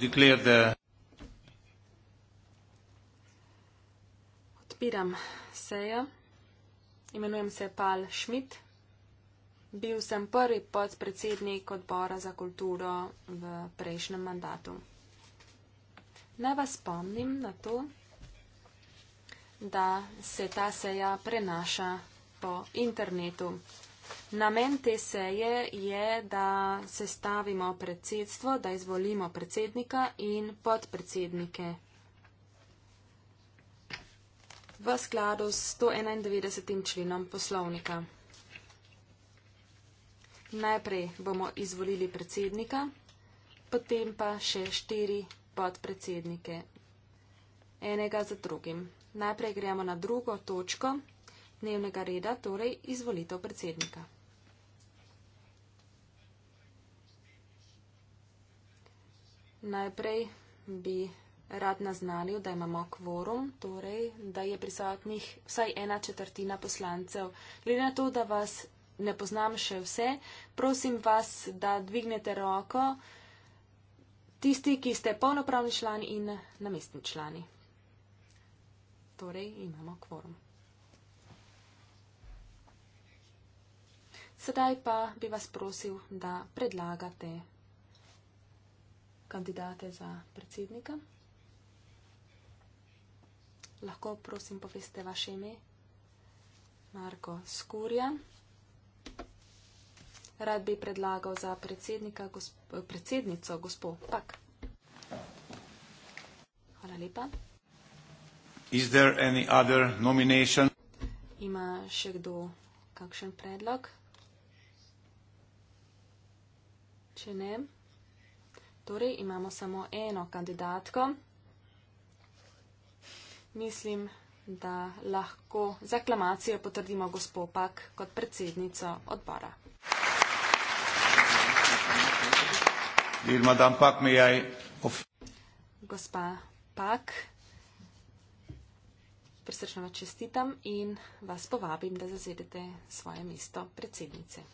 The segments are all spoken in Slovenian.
Declare the. Odpiram sejo. Imenujem se Pal Schmidt. Bil sem prvi podpredsednik odbora za kulturo v prejšnjem mandatu. Naj vas spomnim na to, da se ta seja prenaša po internetu. Namen te seje je, da sestavimo predsedstvo, da izvolimo predsednika in podpredsednike. V skladu s 191. členom poslovnika. Najprej bomo izvolili predsednika, potem pa še štiri podpredsednike. Enega za drugim. Najprej gremo na drugo točko dnevnega reda, torej izvolitev predsednika. Najprej bi rad naznalil, da imamo kvorum, torej da je prisotnih vsaj ena četrtina poslancev. Glede na to, da vas ne poznam še vse, prosim vas, da dvignete roko tisti, ki ste polnopravni člani in namestni člani. Torej imamo kvorum. Sedaj pa bi vas prosil, da predlagate kandidate za predsednika. Lahko prosim poveste vaše ime. Marko Skurja. Rad bi predlagal za predsednika, gospo, predsednico, gospod Pak. Hvala lepa. Is there any other nomination? Ima še kdo kakšen predlog? Še ne. Torej, imamo samo eno kandidatko. Mislim, da lahko z aklamacijo potrdimo gospopak kot predsednico odbora. Gospa Pak, prisrčno vas čestitam in vas povabim, da zazedete svoje mesto predsednice.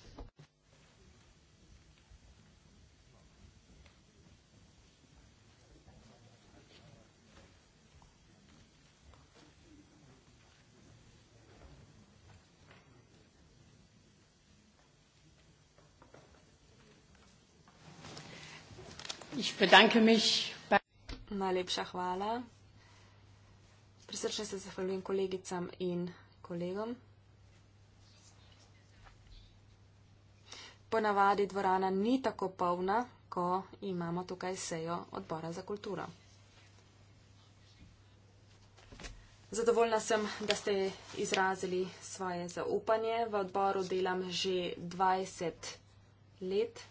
Najlepša hvala. Prisrčno se zahvaljujem kolegicam in kolegom. Ponavadi dvorana ni tako polna, ko imamo tukaj sejo odbora za kulturo. Zadovoljna sem, da ste izrazili svoje zaupanje. V odboru delam že 20 let.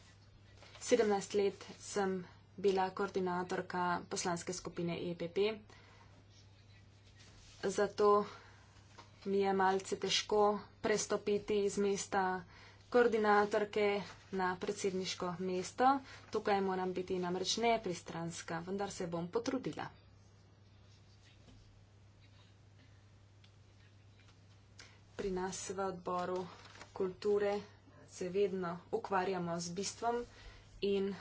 17 let sem bila koordinatorka poslanske skupine EPP. Zato mi je malce težko prestopiti iz mesta koordinatorke na predsedniško mesto. Tukaj moram biti namreč nepristranska, vendar se bom potrudila. Pri nas v odboru kulture se vedno ukvarjamo z bistvom in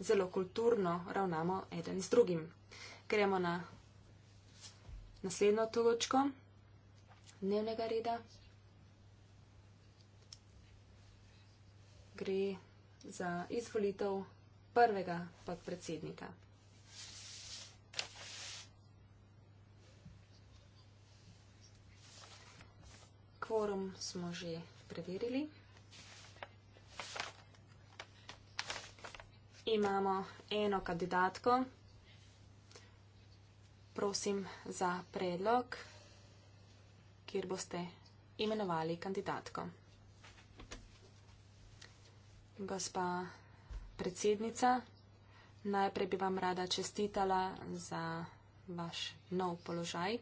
zelo kulturno ravnamo eden z drugim. Gremo na naslednjo točko dnevnega reda. Gre za izvolitev prvega podpredsednika. Kvorum smo že preverili. Imamo eno kandidatko. Prosim za predlog, kjer boste imenovali kandidatko. Gospa predsednica, najprej bi vam rada čestitala za vaš nov položaj.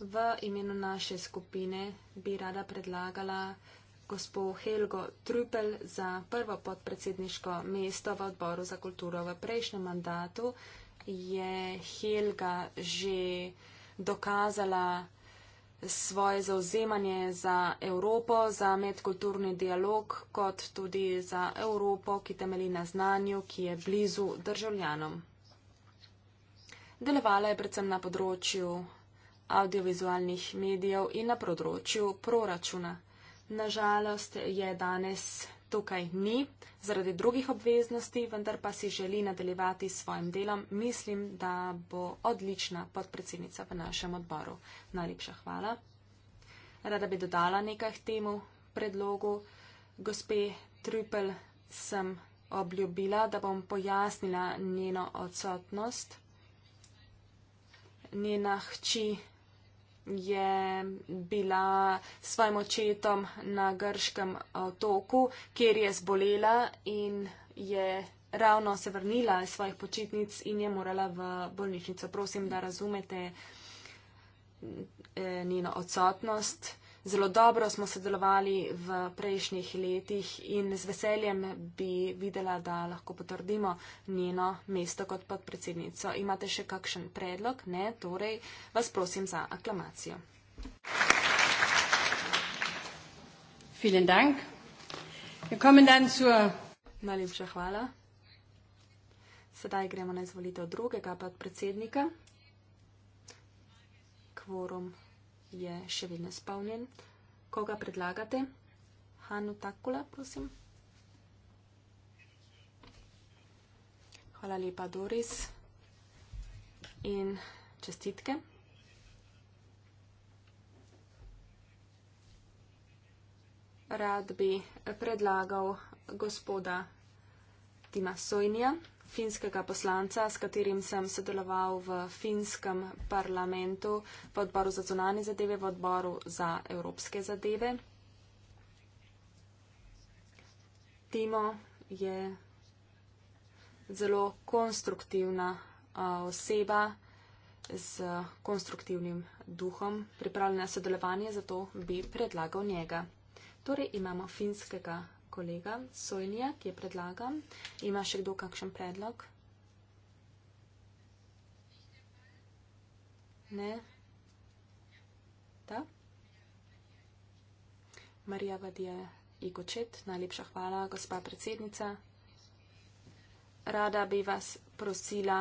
V imenu naše skupine bi rada predlagala gospo Helgo Trupel za prvo podpredsedniško mesto v odboru za kulturo v prejšnjem mandatu, je Helga že dokazala svoje zauzemanje za Evropo, za medkulturni dialog, kot tudi za Evropo, ki temeli na znanju, ki je blizu državljanom. Delovala je predvsem na področju audiovizualnih medijev in na področju proračuna. Nažalost je danes tukaj ni zaradi drugih obveznosti, vendar pa si želi nadaljevati s svojim delom. Mislim, da bo odlična podpredsednica v našem odboru. Najlepša hvala. Rada bi dodala nekaj k temu predlogu. Gospe Trupel sem obljubila, da bom pojasnila njeno odsotnost. Njena hči je bila s svojim očetom na grškem otoku, eh, kjer je zbolela in je ravno se vrnila iz svojih počitnic in je morala v bolnišnico. Prosim, da razumete eh, njeno odsotnost. Zelo dobro smo sodelovali v prejšnjih letih in z veseljem bi videla, da lahko potrdimo njeno mesto kot podpredsednico. Imate še kakšen predlog? Ne, torej vas prosim za aklamacijo. Zur... Najlepša hvala. Sedaj gremo na izvolitev drugega podpredsednika. Kvorum je še vedno spavnjen. Koga predlagate? Hanu Takula, prosim. Hvala lepa, Doris. In čestitke. Rad bi predlagal gospoda Tima Sojnija finskega poslanca, s katerim sem sodeloval v finskem parlamentu, v odboru za zunanje zadeve, v odboru za evropske zadeve. Timo je zelo konstruktivna oseba z konstruktivnim duhom, pripravljena sodelovanje, zato bi predlagal njega. Torej imamo finskega kolega Sojnija, ki je predlagan. Ima še kdo kakšen predlog? Ne? Da? Marija Vadija Igočet, najlepša hvala, gospa predsednica. Rada bi vas prosila,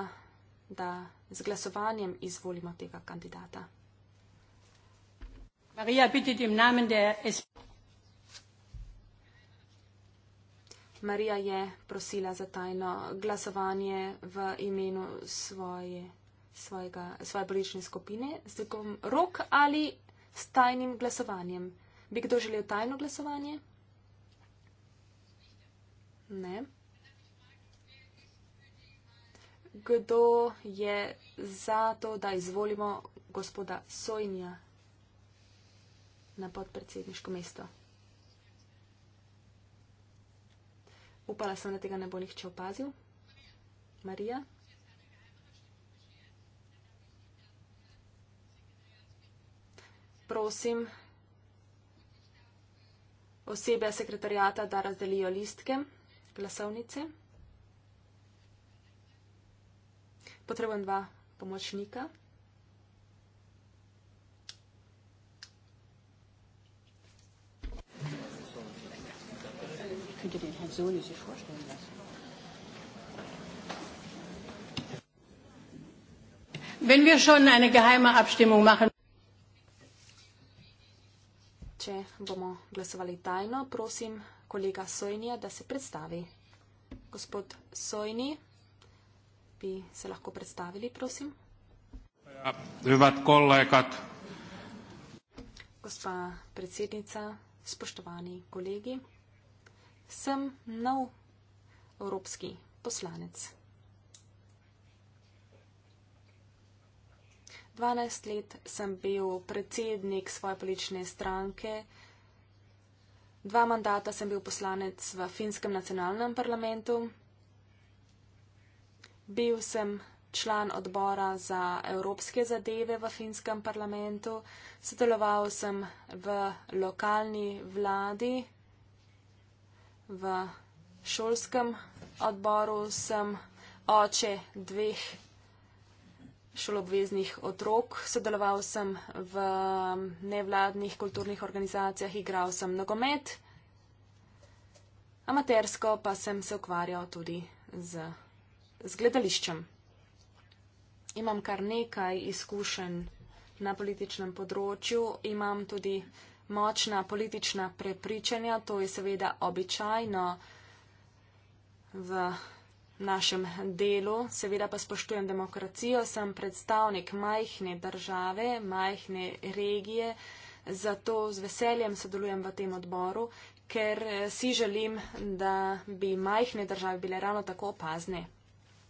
da z glasovanjem izvolimo tega kandidata. Marija, bitte dem Namen der SPD. Marija je prosila za tajno glasovanje v imenu svoje, svojega, svoje politične skupine z dvigom rok ali s tajnim glasovanjem. Bi kdo želel tajno glasovanje? Ne. Kdo je za to, da izvolimo gospoda Sojnja na podpredsedniško mesto? Upala sem, da tega ne bo nihče opazil. Marija. Prosim osebe sekretarjata, da razdelijo listke, glasovnice. Potrebujem dva pomočnika. könnte den Herrn Sohle sich vorstellen lassen. Wenn wir schon eine geheime Abstimmung machen. Če bomo glasovali tajno, prosim kolega Sojnija, da se predstavi. Gospod Sojni, bi se lahko predstavili, prosim. Ja, Hrvat kolegat. Gospa predsednica, spoštovani kolegi sem nov evropski poslanec. 12 let sem bil predsednik svoje politične stranke, dva mandata sem bil poslanec v finskem nacionalnem parlamentu, bil sem član odbora za evropske zadeve v finskem parlamentu, sodeloval sem v lokalni vladi v šolskem odboru sem oče dveh šolobveznih otrok, sodeloval sem v nevladnih kulturnih organizacijah, igral sem nogomet, amatersko pa sem se ukvarjal tudi z, z gledališčem. Imam kar nekaj izkušenj na političnem področju, imam tudi močna politična prepričanja, to je seveda običajno v našem delu, seveda pa spoštujem demokracijo, sem predstavnik majhne države, majhne regije, zato z veseljem sodelujem v tem odboru, ker eh, si želim, da bi majhne države bile ravno tako opazne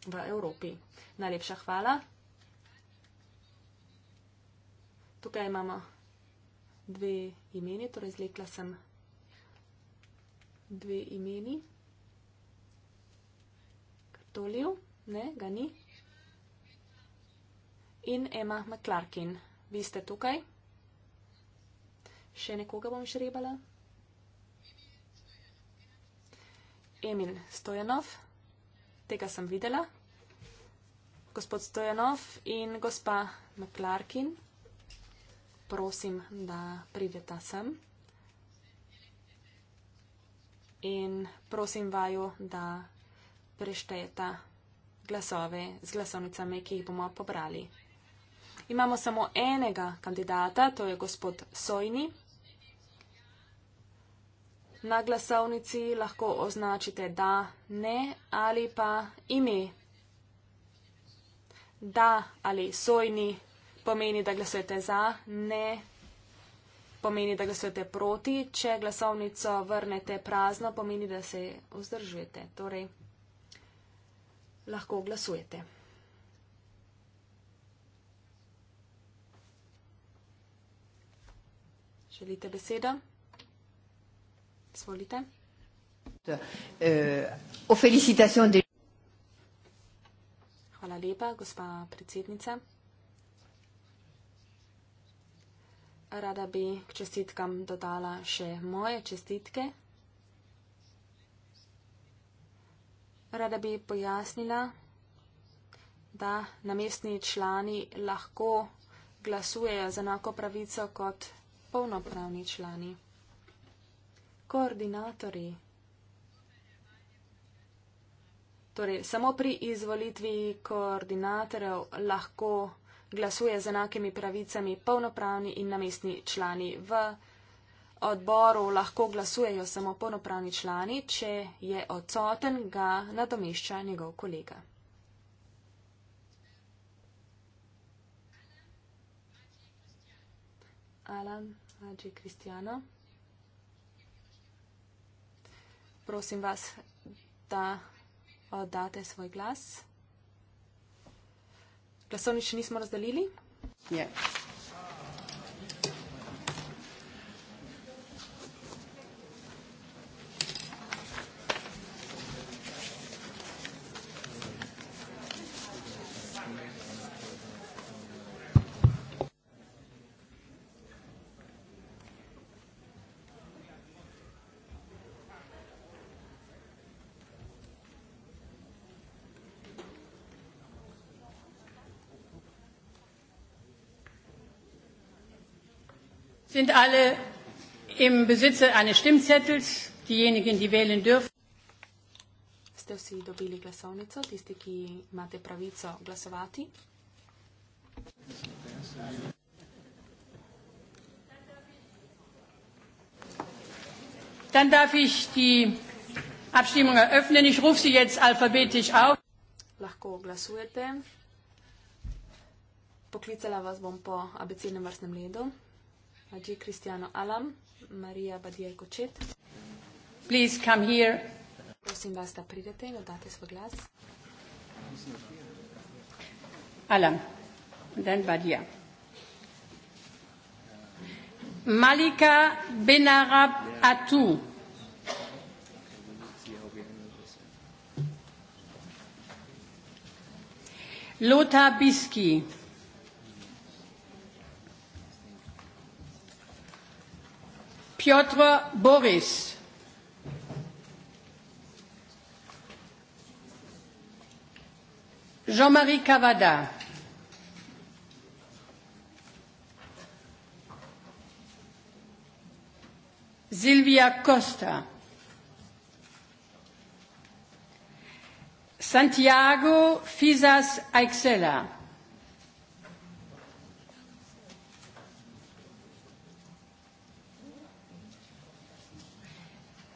v Evropi. Najlepša hvala. Tukaj imamo dve imeni, torej izlekla sem dve imeni. Kartoliv, ne, ga ni. In Emma McClarkin, vi ste tukaj. Še nekoga bom šrebala. Emil Stojanov, tega sem videla. Gospod Stojanov in gospa McClarkin prosim, da pridete sem. In prosim vaju, da preštejete glasove z glasovnicami, ki jih bomo pobrali. Imamo samo enega kandidata, to je gospod Sojni. Na glasovnici lahko označite da, ne ali pa ime. Da ali sojni pomeni, da glasujete za, ne pomeni, da glasujete proti. Če glasovnico vrnete prazno, pomeni, da se vzdržujete. Torej, lahko glasujete. Želite besedo? Svolite. Eh, Hvala lepa, gospa predsednica. rada bi k čestitkam dodala še moje čestitke. Rada bi pojasnila, da namestni člani lahko glasujejo z enako pravico kot polnopravni člani. Koordinatori. Torej, samo pri izvolitvi koordinatorjev lahko glasuje z enakimi pravicami polnopravni in namestni člani. V odboru lahko glasujejo samo polnopravni člani, če je odsoten, ga nadomešča njegov kolega. Alan, Hadži, Kristijano. Prosim vas, da oddate svoj glas glasovni še nismo razdelili. Yeah. Ja. sind alle im Besitze eines Stimmzettels, diejenigen, die wählen dürfen. Ste vsi dobili glasovnico, tisti, ki imate pravico glasovati? Dan darf ich die abstimmung eröffnen. Ich rufe sie jetzt alphabetisch auf. Lahko glasujete. Poklicala vas bom po abecednem vrstnem ledu. Aji Kristijano Alam, Marija Badija Kočet. Please come here. Prosim vas, da pridete in oddate svoj glas. Alam, then Badija. Malika Benarab Atu. Lothar Biski. piotr boris jean marie cavada silvia costa santiago fisas aixella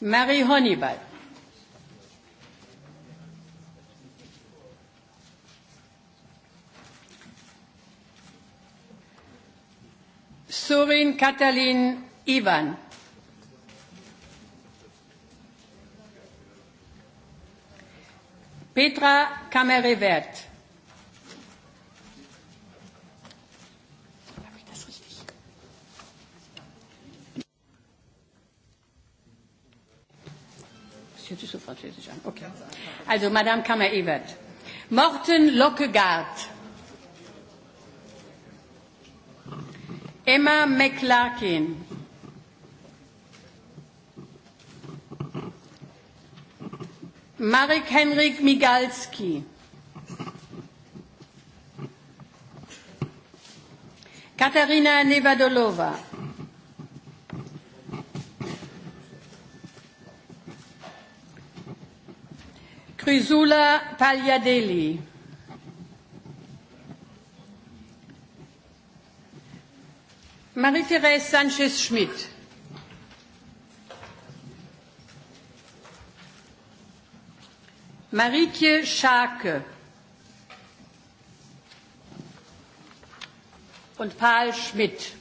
Marie Honeyball. Sorin Katalin Ivan. Petra Kamerevert. Französisch an. Okay. Also, Madame Kammer-Ebert. Morten Lockegaard. Emma McLarkin. Marek Henrik Migalski. Katharina Nevadolova. Frisula Pagliadelli. Marie-Thérèse Sanchez-Schmidt. Marieke Schake. Und Paul Schmidt.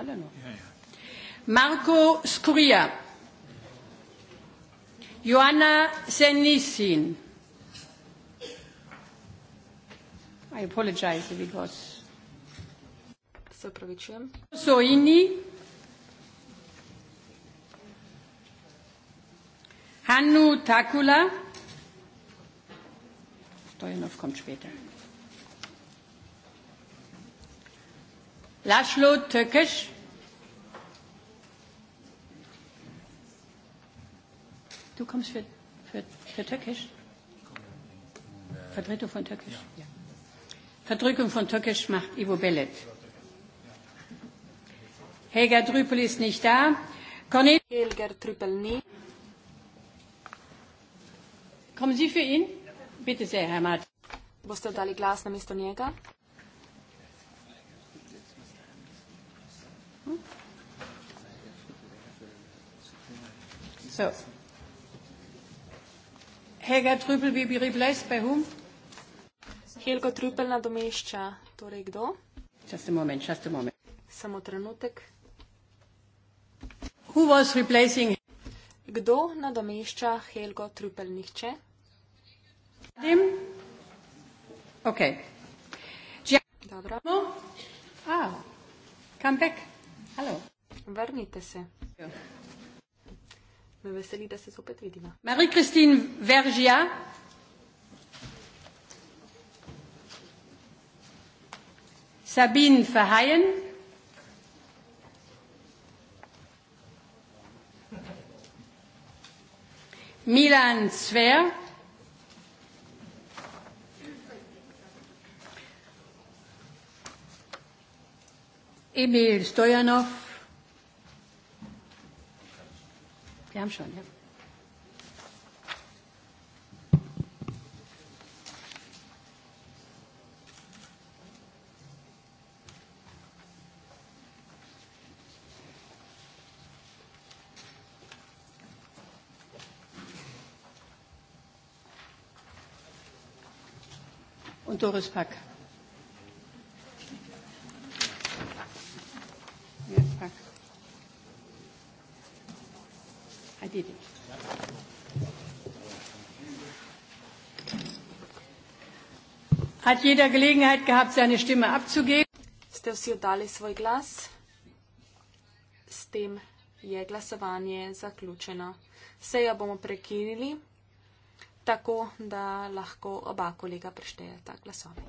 alle noch. Ja, ja. Marco Scuria. Joanna Senissin. I apologize because. Se opravičujem. Soini. Hannu Takula. Stojanov kommt später. Laszlo Tökisch. Du kommst für, für, für Türkisch? Vertretung von Türkisch? Ja. Verdrückung von Türkisch macht Ivo Bellet. Helga Drüppel ist nicht da. Cornel Helga Drüppel nie. Kommen Sie für ihn? Bitte sehr, Herr Martin. Boste dali glas namesto njega? So. Helga Trüpel will be replaced by whom? Helga Trüpel nadomešča torej kdo? Just a moment, just a moment. Samo trenutek. Who was replacing? Kdo nadomešča Helgo Trüpel nihče? Adem? Okay. Gian... Dobro. No? Ah, come back. Hello. Vrnite se. Yeah. Ja me veseli, da se zopet vidimo. Marie-Christine Vergia. Sabine Verheyen. Milan Zwer. Emil Stojanov. Yeah, I'm showing you. Und Doris Pack. Jetzt ja, Pack. Ajdidi. Hat jeder Gelegenheit gehabt, seine Stimme abzugeben? Ste vsi oddali svoj glas? S tem je glasovanje zaključeno. Sejo bomo prekinili tako, da lahko oba kolega preštejeta glasove.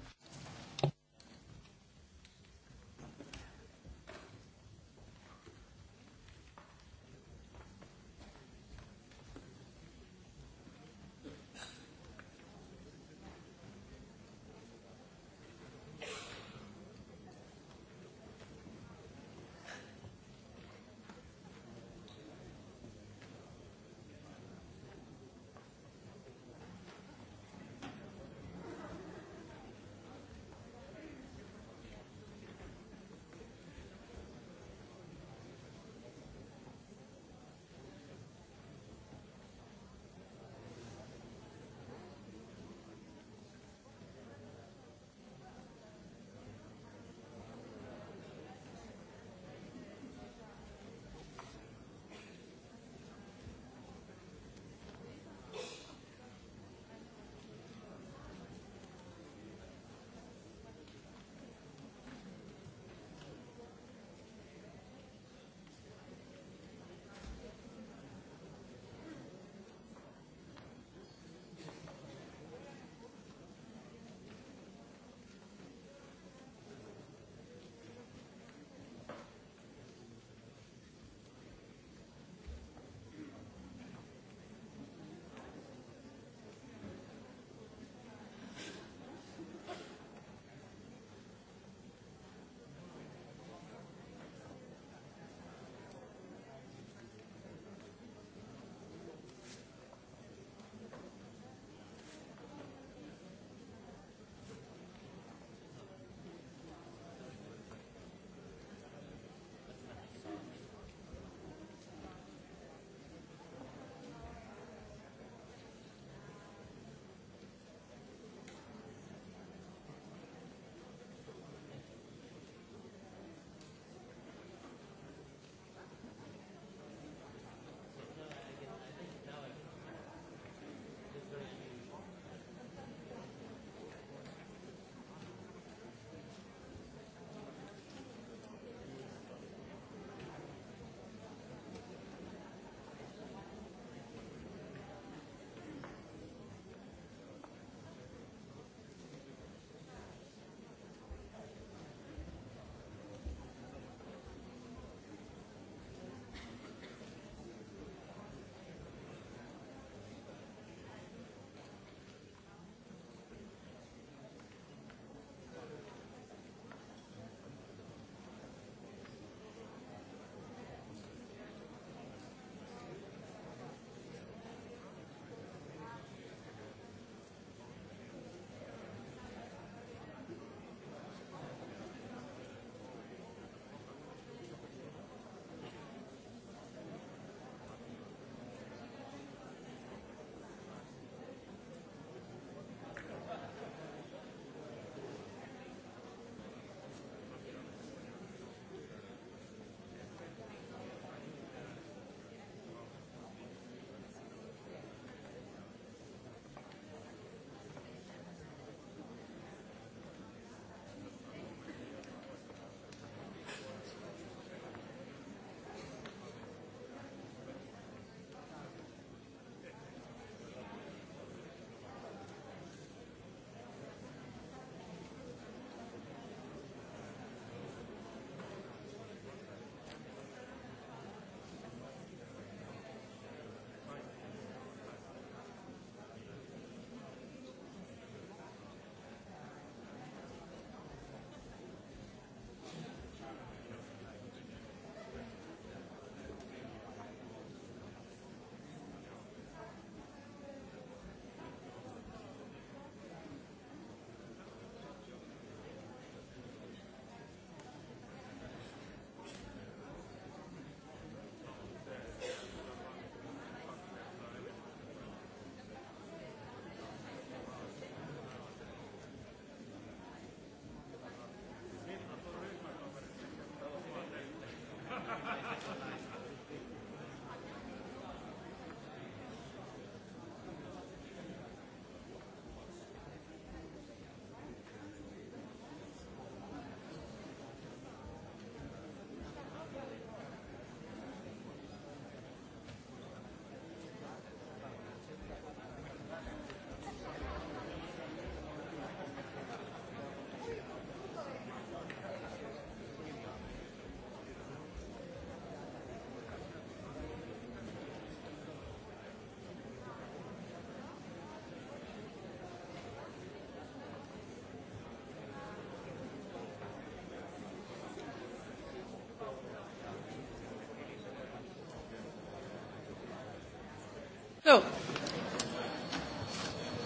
So,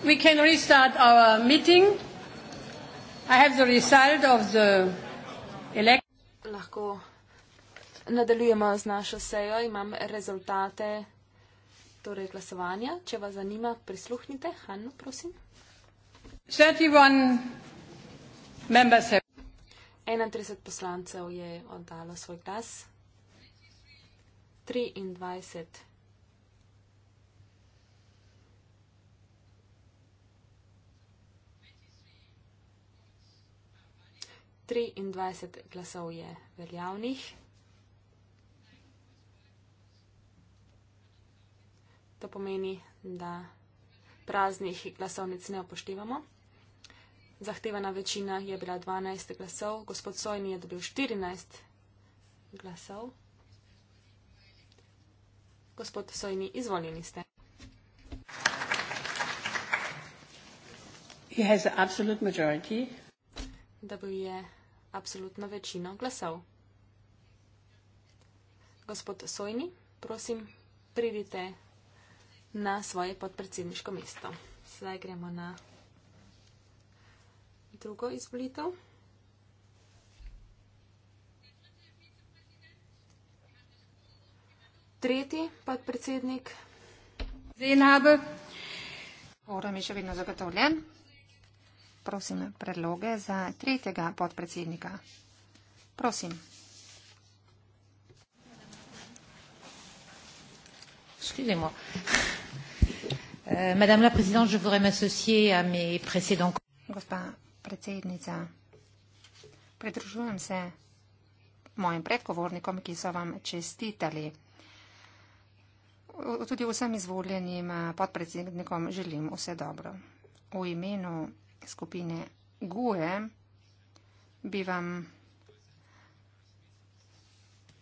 we can restart our meeting. I have the result of the Lahko nadaljujemo z našo sejo, imam rezultate torej glasovanja. Če vas zanima, prisluhnite. Hanno, prosim. 31 poslancev je oddalo svoj glas. 23 23 glasov je veljavnih. To pomeni, da praznih glasovnic ne upoštevamo. Zahtevana večina je bila 12 glasov, gospod Sojni je dobil 14 glasov. Gospod Sojni, izvoljeni ste. He has the absolute majority dobuje absolutno večino glasov. Gospod Sojni, prosim, pridite na svoje podpredsedniško mesto. Zdaj gremo na drugo izvolitev. Tretji podpredsednik. Zdaj nabe. Kvorum je še vedno zagotovljen prosim predloge za tretjega podpredsednika. Prosim. Excusez-moi. Euh, Madame la Présidente, je voudrais m'associer à mes précédents. Gospa predsednica, pridružujem se mojim predgovornikom, ki so vam čestitali. Tudi vsem izvoljenim eh, podpredsednikom želim vse dobro. V imenu skupine GUE, bi vam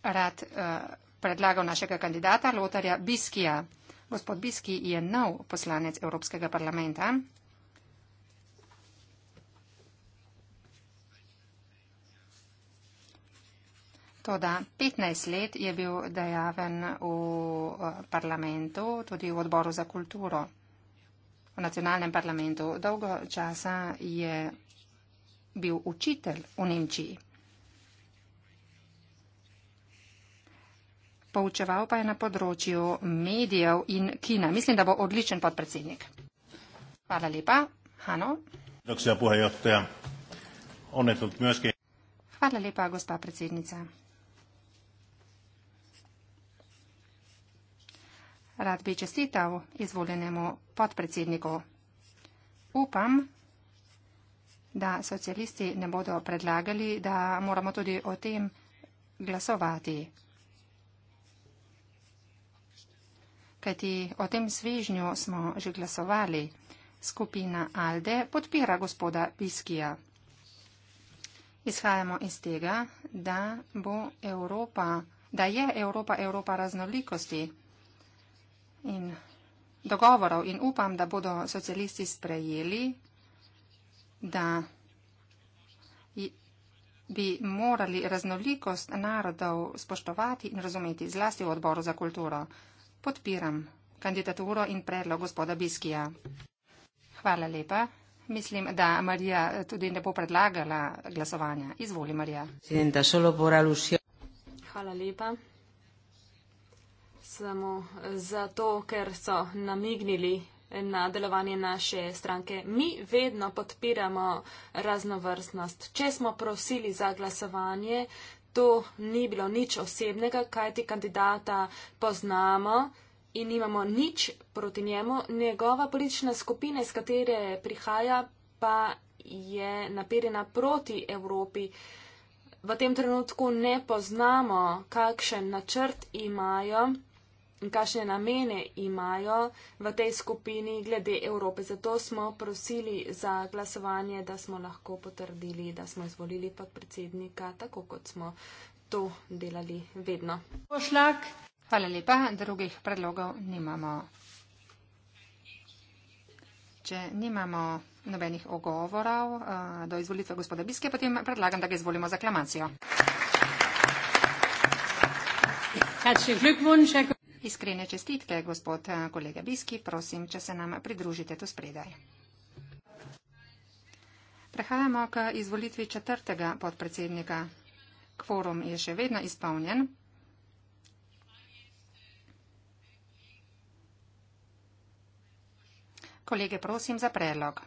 rad uh, predlagal našega kandidata, Lotarja Biskija. Gospod Biski je nov poslanec Evropskega parlamenta. Toda 15 let je bil dejaven v eh, parlamentu, tudi v odboru za kulturo v nacionalnem parlamentu. Dolgo časa je bil učitelj v Nemčiji. Poučeval pa je na področju medijev in kina. Mislim, da bo odličen podpredsednik. Hvala lepa. Hano. Hvala lepa, gospa predsednica. Rad bi čestital izvoljenemu podpredsedniku. Upam, da socialisti ne bodo predlagali, da moramo tudi o tem glasovati. Kajti o tem svežnju smo že glasovali. Skupina Alde podpira gospoda Piskija. Izhajamo iz tega, da, bo Evropa, da je Evropa Evropa raznolikosti in dogovorov in upam, da bodo socialisti sprejeli, da bi morali raznolikost narodov spoštovati in razumeti zlasti v odboru za kulturo. Podpiram kandidaturo in predlog gospoda Biskija. Hvala lepa. Mislim, da Marija tudi ne bo predlagala glasovanja. Izvoli, Marija. Hvala lepa samo eh, zato, ker so namignili na delovanje naše stranke. Mi vedno podpiramo raznovrstnost. Če smo prosili za glasovanje, to ni bilo nič osebnega, kaj ti kandidata poznamo. In imamo nič proti njemu, njegova politična skupina, iz katere prihaja, pa je naperjena proti Evropi. V tem trenutku ne poznamo, kakšen načrt imajo in kakšne namene imajo v tej skupini glede Evrope. Zato smo prosili za glasovanje, da smo lahko potrdili, da smo izvolili podpredsednika, tako kot smo to delali vedno. Pošlak. Hvala lepa, drugih predlogov nimamo. Če nimamo nobenih ogovorov eh, do izvolitve gospoda Biske, potem predlagam, da ga izvolimo za aklamacijo. Herzlichen Glückwunsch, Herr Iskrene čestitke, gospod eh, kolega Biski, prosim, če se nam pridružite tu spredaj. Prehajamo k izvolitvi četrtega podpredsednika. Kvorum je še vedno izpolnjen. Kolege, prosim za predlog.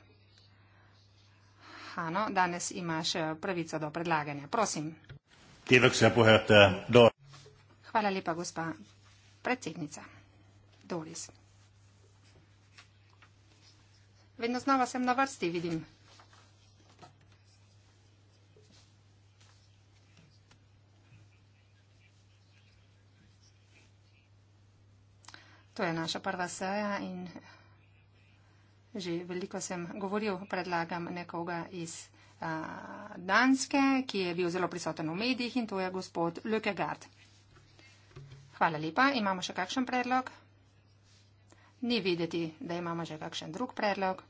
Hano, danes imaš eh, pravico do predlaganja. Prosim. Hvala lepa, gospa predsednica Doris. Vedno znova sem na vrsti, vidim. To je naša prva seja in že veliko sem govoril, predlagam nekoga iz Danske, ki je bil zelo prisoten v medijih in to je gospod Lökegard. Hvala lepa. Imamo še kakšen predlog? Ni videti, da imamo že kakšen drug predlog.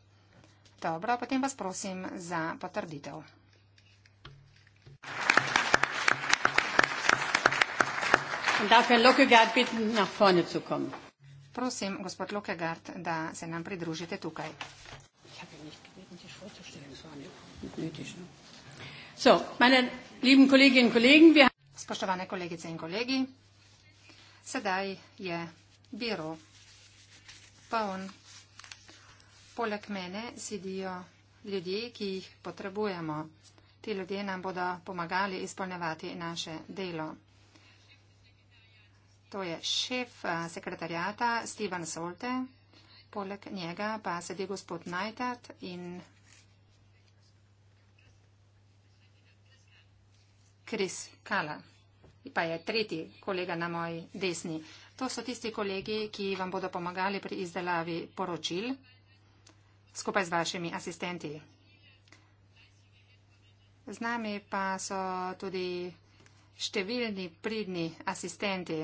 Dobro, potem vas prosim za potrditev. Prosim, gospod Lokegard, da se nam pridružite tukaj. Ja Spoštovane kolegice in kolegi, Sedaj je biro poln. Poleg mene sedijo ljudje, ki jih potrebujemo. Ti ljudje nam bodo pomagali izpolnevati naše delo. To je šef sekretarjata Steven Solte, poleg njega pa sedi gospod Najtat in Chris Kala pa je tretji kolega na moji desni. To so tisti kolegi, ki vam bodo pomagali pri izdelavi poročil skupaj z vašimi asistenti. Z nami pa so tudi številni pridni asistenti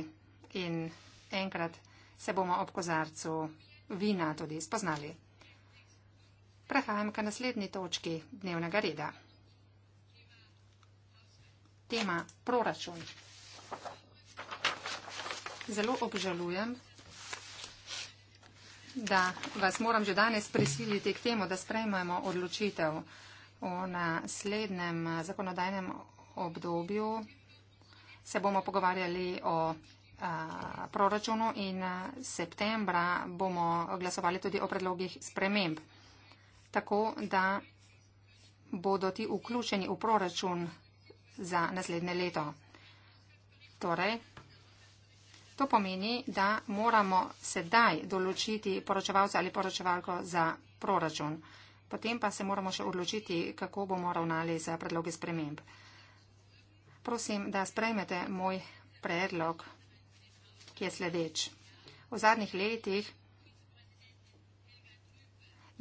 in enkrat se bomo ob kozarcu vina tudi spoznali. Prehajam k naslednji točki dnevnega reda. Tema proračun zelo obžalujem, da vas moram že danes prisiliti k temu, da sprejmemo odločitev o naslednjem zakonodajnem obdobju. Se bomo pogovarjali o a, proračunu in septembra bomo glasovali tudi o predlogih sprememb. Tako da bodo ti vključeni v proračun za naslednje leto. Torej, To pomeni, da moramo sedaj določiti poročevalca ali poročevalko za proračun. Potem pa se moramo še odločiti, kako bomo ravnali za predloge sprememb. Prosim, da sprejmete moj predlog, ki je sledeč. V zadnjih letih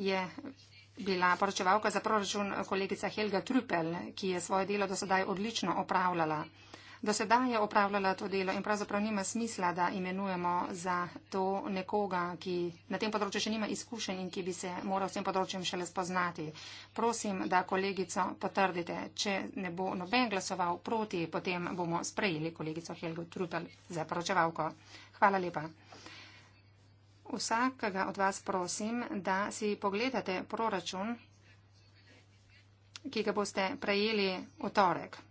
je bila poročevalka za proračun kolegica Helga Trupel, ki je svoje delo do sedaj odlično opravljala do sedaj je opravljala to delo in pravzaprav nima smisla, da imenujemo za to nekoga, ki na tem področju še nima izkušenj in ki bi se moral s tem področjem šele spoznati. Prosim, da kolegico potrdite. Če ne bo noben glasoval proti, potem bomo sprejeli kolegico Helgo Trupel za poročevalko. Hvala lepa. Vsakega od vas prosim, da si pogledate proračun, ki ga boste prejeli v torek.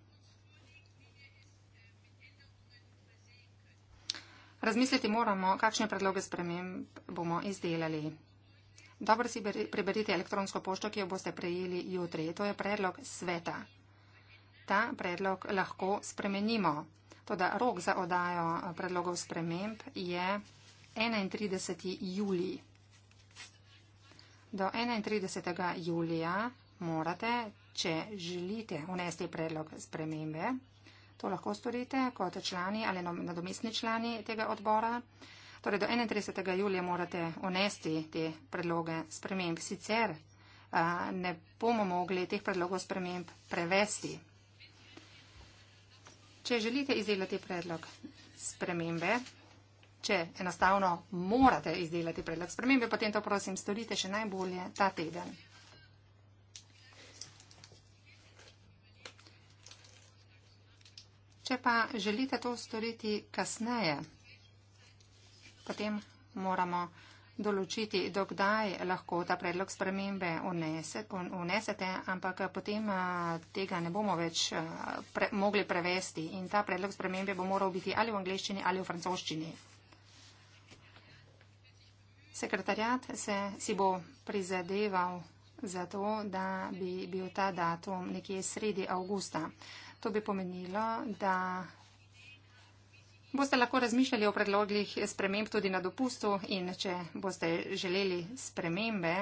Razmisliti moramo, kakšne predloge spremem bomo izdelali. Dobro si preberite elektronsko pošto, ki jo boste prejeli jutri. To je predlog sveta. Ta predlog lahko spremenimo. Toda rok za odajo eh, predlogov sprememb je 31. juli. Do 31. julija morate, če želite, unesti predlog spremembe. To lahko storite kot člani ali nadomestni člani tega odbora. Torej do 31. julija morate unesti te predloge sprememb. Sicer ne bomo mogli teh predlogov sprememb prevesti. Če želite izdelati predlog spremembe, če enostavno morate izdelati predlog spremembe, potem to prosim storite še najbolje ta teden. Če pa želite to storiti kasneje, potem moramo določiti, dokdaj lahko ta predlog spremembe unesete, ampak eh, potem eh, tega ne bomo več eh, pre, mogli prevesti in ta predlog spremembe bo moral biti ali v angleščini ali v francoščini. Sekretarjat se si bo prizadeval za to, da bi bil ta datum nekje sredi avgusta. To bi pomenilo, da boste lahko razmišljali o predlogih sprememb tudi na dopustu in če boste želeli spremembe,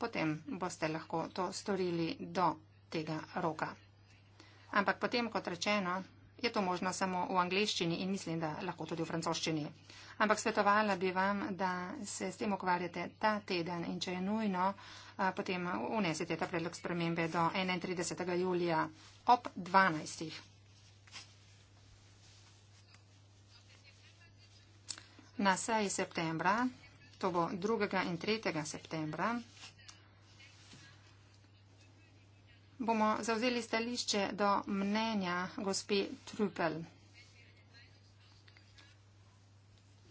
potem boste lahko to storili do tega roka. Ampak potem, kot rečeno, je to možno samo v angleščini in mislim, da lahko tudi v francoščini. Ampak svetovala bi vam, da se s tem ukvarjate ta teden in če je nujno, potem unesete ta predlog spremembe do 31. julija ob 12. Na seji septembra, to bo 2. in 3. septembra, bomo zauzeli stališče do mnenja gospe Trupel.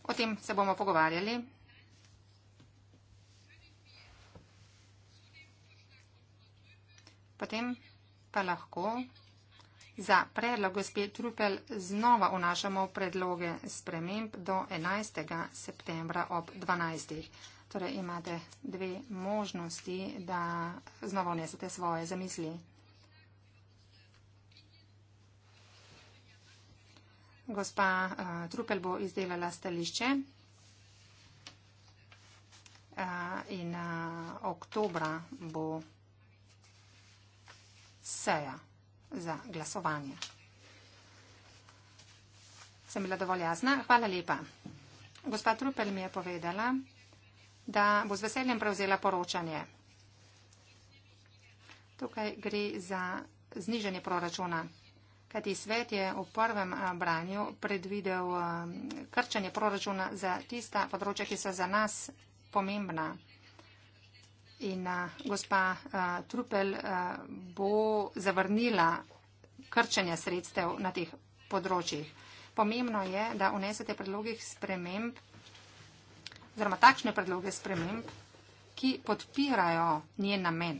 O tem se bomo pogovarjali. Potem pa lahko za predlog gospe Trupel znova vnašamo predloge sprememb do 11. septembra ob 12. Torej imate dve možnosti, da znova vnesete svoje zamisli. Gospa uh, Trupel bo izdelala stališče uh, in uh, oktobra bo seja za glasovanje. Sem bila dovolj jasna? Hvala lepa. Gospa Trupel mi je povedala, da bo z veseljem prevzela poročanje. Tukaj gre za zniženje proračuna. Kajti svet je v prvem branju predvidel krčanje proračuna za tista področja, ki so za nas pomembna. In gospa Trupel bo zavrnila krčanje sredstev na teh področjih. Pomembno je, da unesete predlogih sprememb oziroma takšne predloge sprememb, ki podpirajo njen namen.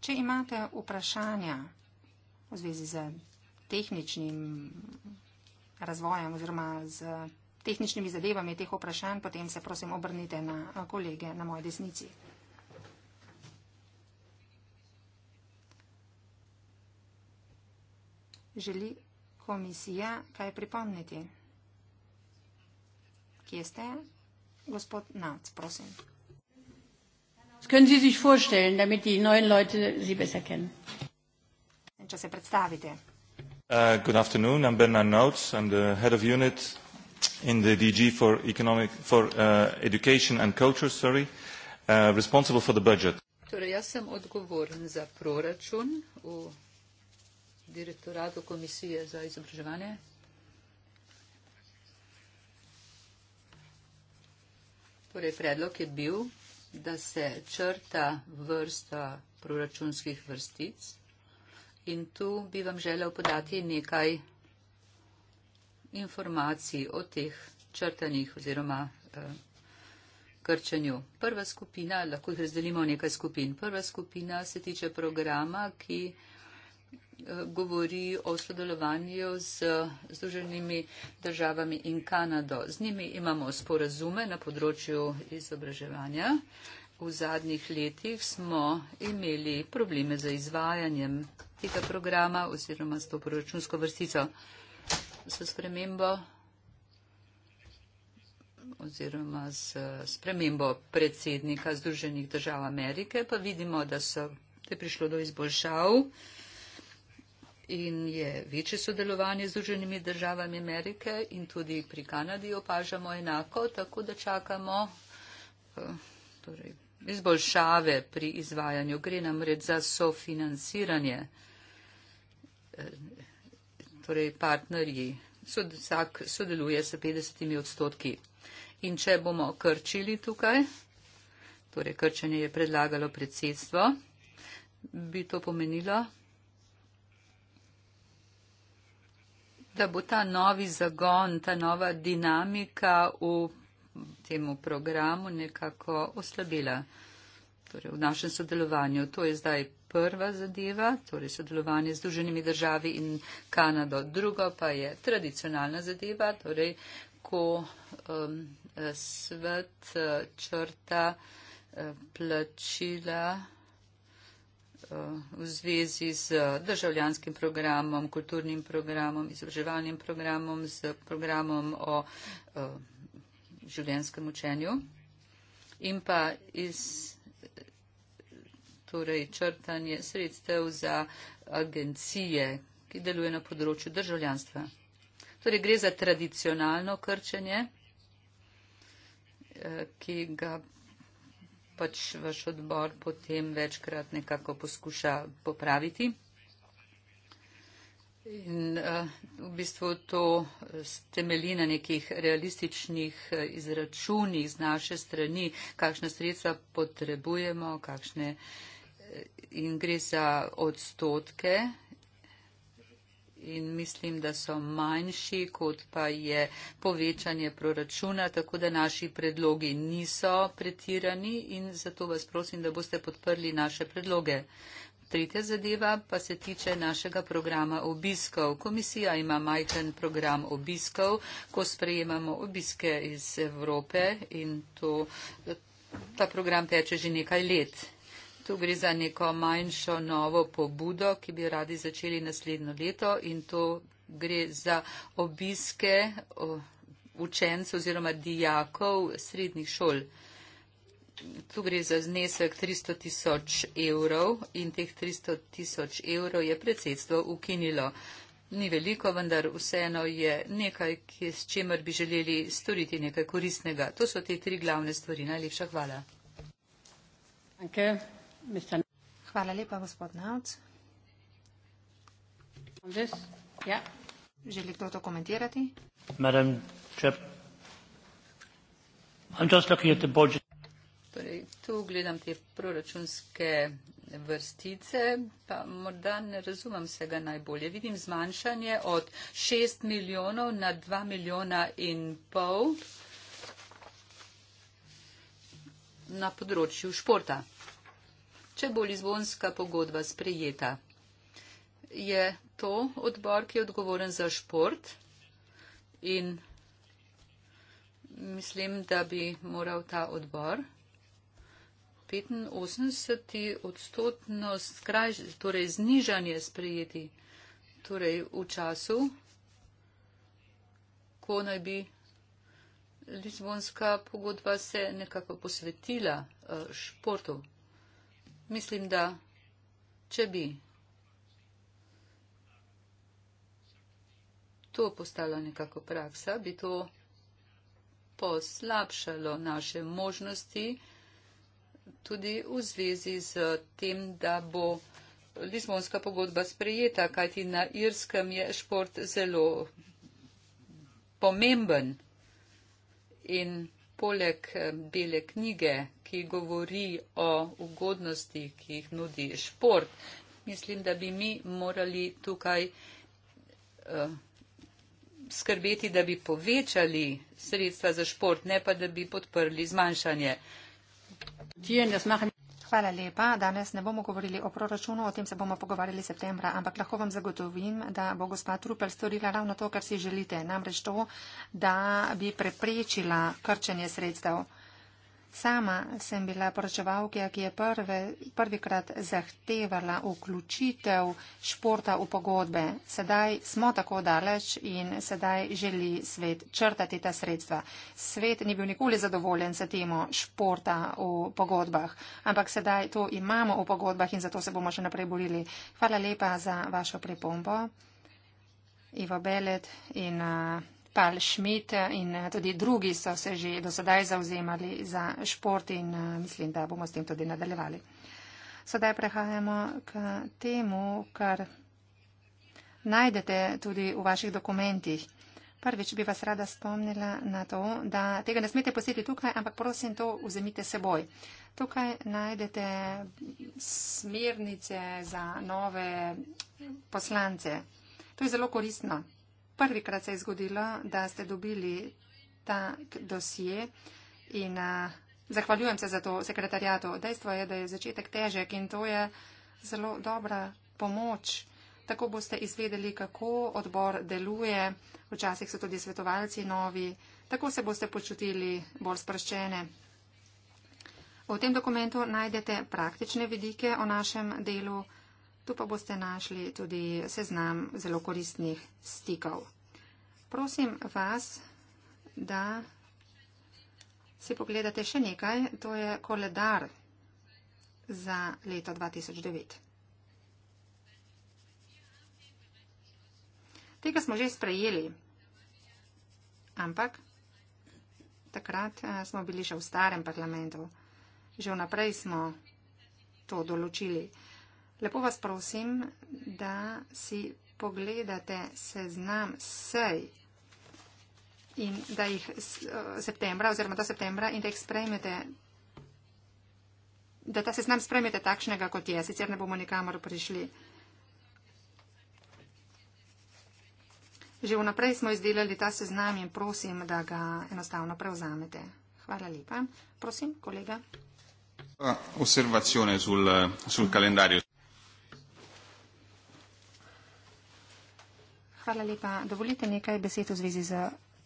Če imate vprašanja v zvezi z tehničnim razvojem oziroma z tehničnimi zadevami teh vprašanj, potem se prosim obrnite na eh, kolege na moji desnici. Želi komisija kaj pripomniti? Kje ste? Gospod Nac, prosim. Können Sie sich vorstellen, damit die neuen Leute Sie besser kennen? Če se predstavite. Uh, good afternoon, I'm Bernard Nautz, I'm the head of unit in the DG for, economic, for uh, education and culture, sorry, uh, responsible for the budget. Torej, jaz sem odgovoren za proračun v direktoratu Komisije za izobraževanje, Torej, predlog je bil, da se črta vrsta proračunskih vrstic in tu bi vam želel podati nekaj informacij o teh črtanjih oziroma eh, krčanju. Prva skupina, lahko jih razdelimo v nekaj skupin. Prva skupina se tiče programa, ki Eh, govori o sodelovanju z Združenimi državami in Kanado. Z njimi imamo sporazume na področju izobraževanja. V zadnjih letih smo imeli probleme za izvajanjem tega programa oziroma s to proračunsko vrstico. S spremembo oziroma s spremembo predsednika Združenih držav Amerike pa vidimo, da so te prišlo do izboljšav in je večje sodelovanje z druženimi državami Amerike in tudi pri Kanadi opažamo enako, tako da čakamo eh, torej, izboljšave pri izvajanju. Gre nam red za sofinanciranje. Eh, torej, partnerji sod, vsak sodeluje s 50 odstotki. In če bomo krčili tukaj, torej krčenje je predlagalo predsedstvo, bi to pomenilo, da bo ta novi zagon, ta nova dinamika v temu programu nekako oslabila. Torej, v našem sodelovanju. To je zdaj prva zadeva, torej sodelovanje z Združenimi državami in Kanado. Drugo pa je tradicionalna zadeva, torej, ko um, svet eh, črta uh, plačila v zvezi z državljanskim programom, kulturnim programom, izraževalnim programom, z programom o e, življenskem učenju in pa iz torej črtanje sredstev za agencije, ki deluje na področju državljanstva. Torej gre za tradicionalno krčenje, e, ki ga pač vaš odbor potem večkrat nekako poskuša popraviti. In uh, v bistvu to eh, temelji na nekih realističnih eh, izračunih z naše strani, kakšne sredstva potrebujemo, kakšne. In gre za odstotke in mislim, da so manjši, kot pa je povečanje proračuna, tako da naši predlogi niso pretirani in zato vas prosim, da boste podprli naše predloge. Tretja zadeva pa se tiče našega programa obiskov. Komisija ima majhen program obiskov, ko sprejemamo obiske iz Evrope in to, ta program teče že nekaj let tu gre za neko manjšo novo pobudo, ki bi radi začeli naslednjo leto in to gre za obiske učencev oziroma dijakov srednjih šol. Tu gre za znesek 300 tisoč evrov in teh 300 tisoč evrov je predsedstvo ukinilo. Ni veliko, vendar vseeno je nekaj, s čemer bi želeli storiti nekaj koristnega. To so te tri glavne stvari. Najlepša hvala. Okay. Hvala lepa, gospod Navc. Ja. Želi kdo to komentirati? Madam, I'm just looking at the budget. Torej, tu gledam te proračunske vrstice, pa morda ne razumem vsega najbolje. Vidim zmanjšanje od 6 milijonov na 2 milijona in pol na področju športa če bo Lizbonska pogodba sprejeta. Je to odbor, ki je odgovoren za šport in mislim, da bi moral ta odbor 85 odstotno skraž, torej znižanje sprejeti torej v času, ko naj bi Lizbonska pogodba se nekako posvetila eh, športu mislim, da če bi to postalo nekako praksa, bi to poslabšalo naše možnosti tudi v zvezi z tem, da bo Lizbonska pogodba sprejeta, kajti na Irskem je šport zelo pomemben in poleg eh, bele knjige, ki govori o ugodnostih, ki jih nudi šport, mislim, da bi mi morali tukaj uh, skrbeti, da bi povečali sredstva za šport, ne pa da bi podprli zmanjšanje. Hvala lepa. Danes ne bomo govorili o proračunu, o tem se bomo pogovarjali septembra, ampak lahko vam zagotovim, da bo gospa Trupel storila ravno to, kar si želite, namreč to, da bi preprečila krčenje sredstev. Sama sem bila poročevalka, ki je prve, prvikrat zahtevala vključitev športa v pogodbe. Sedaj smo tako daleč in sedaj želi svet črtati ta sredstva. Svet ni bil nikoli zadovoljen s temo športa v pogodbah, ampak sedaj to imamo v pogodbah in zato se bomo še naprej borili. Hvala lepa za vašo pripombo. Ivo Belet in. Uh, Pal Šmit in eh, tudi drugi so se že do sedaj zauzemali za šport in eh, mislim, da bomo s tem tudi nadaljevali. Sedaj prehajamo k temu, kar najdete tudi v vaših dokumentih. Prvič bi vas rada spomnila na to, da tega ne smete posjeti tukaj, ampak prosim to vzemite seboj. Tukaj najdete smernice za nove poslance. To je zelo koristno prvikrat se je zgodilo, da ste dobili ta dosje in zahvaljujem se za to sekretarjato. Dejstvo je, da je začetek težek in to je zelo dobra pomoč. Tako boste izvedeli, kako odbor deluje, včasih so tudi svetovalci novi, tako se boste počutili bolj sproščene. V tem dokumentu najdete praktične vidike o našem delu. Tu pa boste našli tudi seznam zelo koristnih stikov. Prosim vas, da si pogledate še nekaj. To je koledar za leto 2009. Tega smo že sprejeli, ampak takrat eh, smo bili še v starem parlamentu. Že vnaprej smo to določili. Lepo vas prosim, da si pogledate seznam sej in da jih eh, septembra oziroma do septembra in da jih sprejmete, da ta seznam sprejmete takšnega, kot je, sicer ne bomo nikamor prišli. Že vnaprej smo izdelali ta seznam in prosim, da ga enostavno prevzamete. Hvala lepa. Prosim, kolega. Osservacijo sul, sul kalendarju. Hvala lepa. Dovolite nekaj besed v zvezi z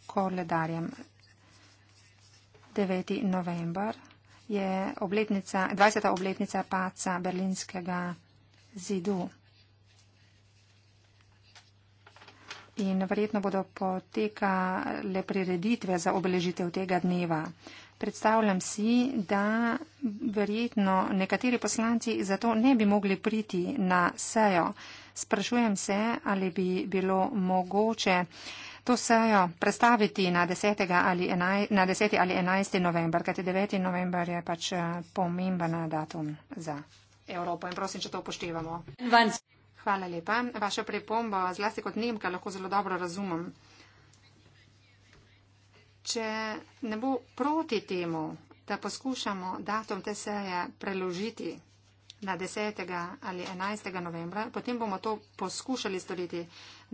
koledarjem. 9. november je obletnica, 20. obletnica paca berlinskega zidu. In verjetno bodo potekale prireditve za obeležitev tega dneva. Predstavljam si, da verjetno nekateri poslanci zato ne bi mogli priti na sejo. Uh, Sprašujem se, ali bi bilo mogoče to sejo predstaviti na 10. ali, enaj, na 10. ali 11. november, kajti 9. november je pač eh, pomemben datum za Evropo in prosim, če to upoštevamo. Hvala lepa. Vaša pripomba, zlasti kot Nemka, lahko zelo dobro razumem. Če ne bo proti temu, da poskušamo datum te seje preložiti na 10. ali 11. novembra. Potem bomo to poskušali storiti.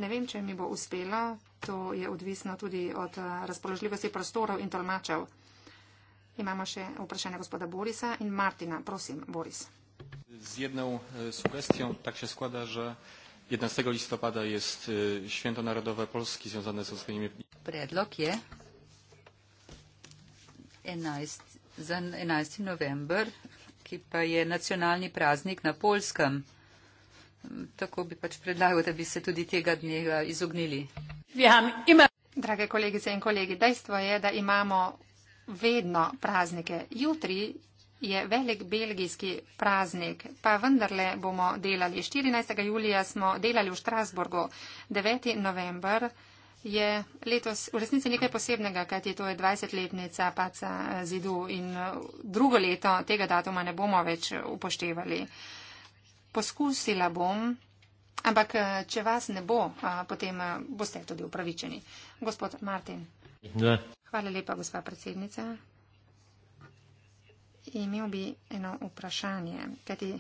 Ne vem, če mi bo uspelo. To je odvisno tudi od eh, razpoložljivosti prostorov in tolmačev. Imamo še vprašanje gospoda Borisa in Martina. Prosim, Boris. Z eno e, sugestijo tak se sklada, že 11. listopada je e, Święto Narodowe Polski związane s svojimi. Predlog je 11. 11. november ki pa je nacionalni praznik na polskem. Tako bi pač predlagal, da bi se tudi tega dneva izognili. Drage kolegice in kolegi, dejstvo je, da imamo vedno praznike. Jutri je velik belgijski praznik, pa vendarle bomo delali. 14. julija smo delali v Štrasburgu, 9. november je letos v resnici nekaj posebnega, kajti to je 20-letnica paca zidu in eh, drugo leto tega datuma ne bomo več upoštevali. Poskusila bom, ampak eh, če vas ne bo, eh, potem boste tudi upravičeni. Gospod Martin. Ne. Hvala lepa, gospa predsednica. Imel bi eno vprašanje, kajti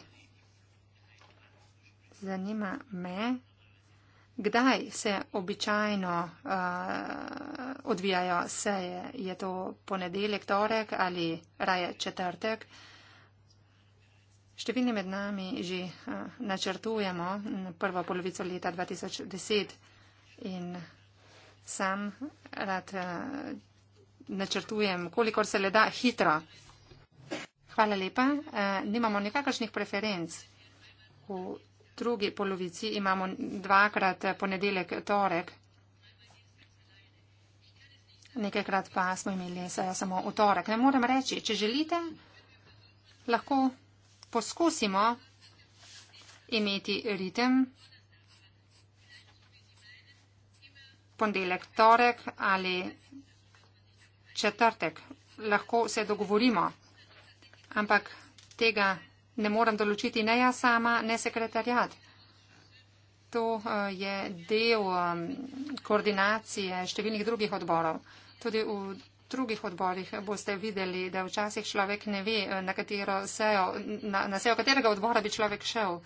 zanima me, Kdaj se običajno uh, odvijajo seje? Je to ponedeljek, torek ali raje četrtek? Številni med nami že uh, načrtujemo prvo polovico leta 2010 in sam rad uh, načrtujem, kolikor se le da hitro. Hvala lepa. Uh, nimamo nekakšnih preferenc. V drugi polovici imamo dvakrat ponedeljek, torek. Nekajkrat pa smo imeli sejo samo v torek. Ne morem reči, če želite, lahko poskusimo imeti ritem ponedeljek, torek ali četrtek. Lahko se dogovorimo, ampak tega ne morem določiti ne jaz sama, ne sekretarjat. To eh, je del eh, koordinacije številnih drugih odborov. Tudi v drugih odborih boste videli, da včasih človek ne ve, eh, na katero sejo, na, na sejo katerega odbora bi človek šel.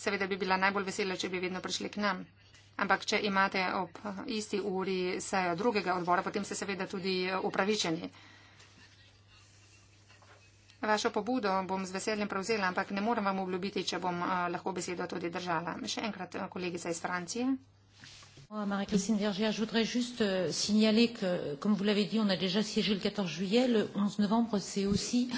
Seveda bi bila najbolj vesela, če bi vedno prišli k nam. Ampak če imate ob isti uri sejo drugega odbora, potem ste seveda tudi upravičeni. Vašo pobudo bom z veseljem prevzela, ampak ne morem vam obljubiti, če bom eh, lahko besedo tudi držala. Še enkrat eh, kolegica iz Francije. Oh, Marie-Christine Vergère, je voudrais juste euh, signaler que, comme vous l'avez dit, on a déjà siégé le 14 juillet. Le 11 novembre, c'est aussi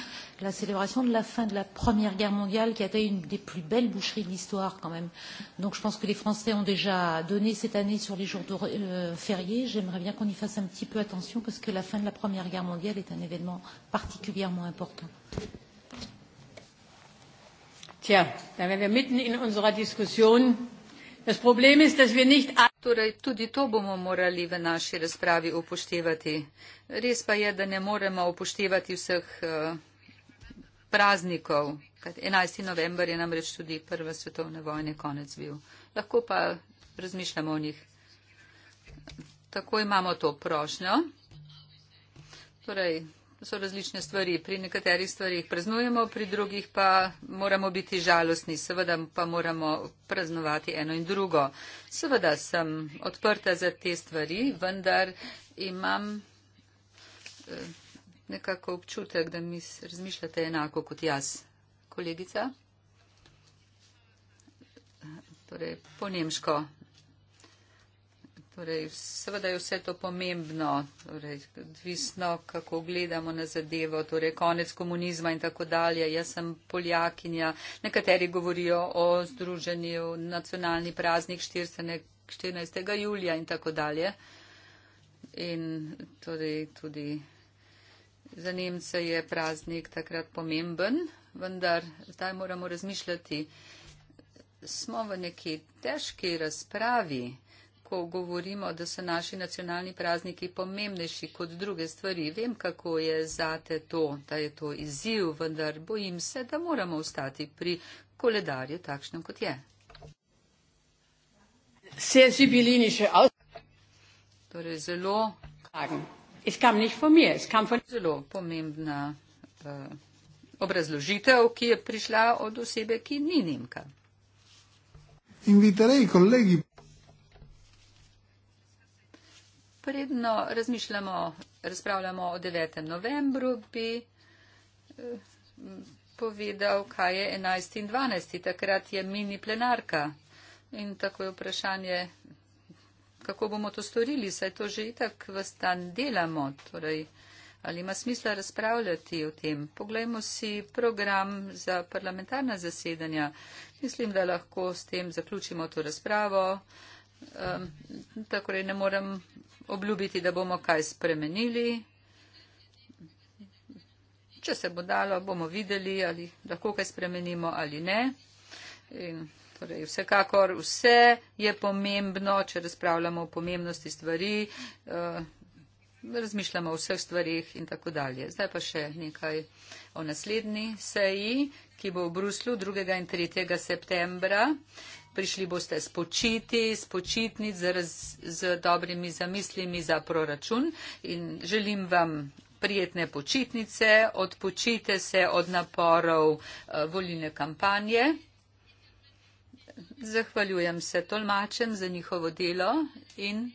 la célébration de la fin de la Première Guerre mondiale qui a été une des plus belles boucheries de l'histoire quand même. Donc je pense que les Français ont déjà donné cette année sur les jours euh, fériés. J'aimerais bien qu'on y fasse un petit peu attention parce que la fin de la Première Guerre mondiale est un événement particulièrement important. Tja, da wären wir mitten in unserer Diskussion. Das Problem ist, dass wir nicht alle Torej, tudi to bomo morali v naši razpravi upoštevati. Res pa je, da ne moremo upoštevati vseh eh, praznikov. 11. november je namreč tudi prva svetovna vojna konec bil. Lahko pa razmišljamo o njih. Tako imamo to prošnjo. Torej, To so različne stvari. Pri nekaterih stvarih preznujemo, pri drugih pa moramo biti žalostni, seveda pa moramo praznovati eno in drugo. Seveda sem odprta za te stvari, vendar imam eh, nekako občutek, da mi razmišljate enako kot jaz. Kolegica? Torej, po nemško. Torej, seveda je vse to pomembno, torej, odvisno, kako gledamo na zadevo, torej konec komunizma in tako dalje. Jaz sem poljakinja, nekateri govorijo o združenju nacionalni praznik 14. julija in tako dalje. In torej, tudi za Nemce je praznik takrat pomemben, vendar zdaj moramo razmišljati, smo v neki težki razpravi lahko govorimo, da so naši nacionalni prazniki pomembnejši kot druge stvari. Vem, kako je zate to, da je to izziv, vendar bojim se, da moramo ostati pri koledarju takšnem, kot je. Torej, zelo, zelo pomembna uh, obrazložitev, ki je prišla od osebe, ki ni Nemka. Inviterei i colleghi. Predno razmišljamo, razpravljamo o 9. novembru, bi eh, povedal, kaj je 11. in 12. Takrat je mini plenarka. In tako je vprašanje, kako bomo to storili, saj to že itak v stan delamo. Torej, ali ima smisla razpravljati o tem? Poglejmo si program za parlamentarna zasedanja. Mislim, da lahko s tem zaključimo to razpravo. Um, tako je, torej ne morem obljubiti, da bomo kaj spremenili. Če se bo dalo, bomo videli, ali lahko kaj spremenimo ali ne. In, torej, vsekakor vse je pomembno, če razpravljamo o pomembnosti stvari, eh, razmišljamo o vseh stvarih in tako dalje. Zdaj pa še nekaj o naslednji seji, ki bo v Bruslu 2. in 3. septembra prišli boste spočiti, spočitni z, z dobrimi zamislimi za proračun in želim vam prijetne počitnice, odpočite se od naporov eh, volilne kampanje. Zahvaljujem se tolmačem za njihovo delo in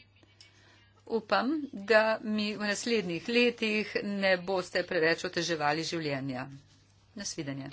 upam, da mi v naslednjih letih ne boste preveč oteževali življenja. Nasvidenje.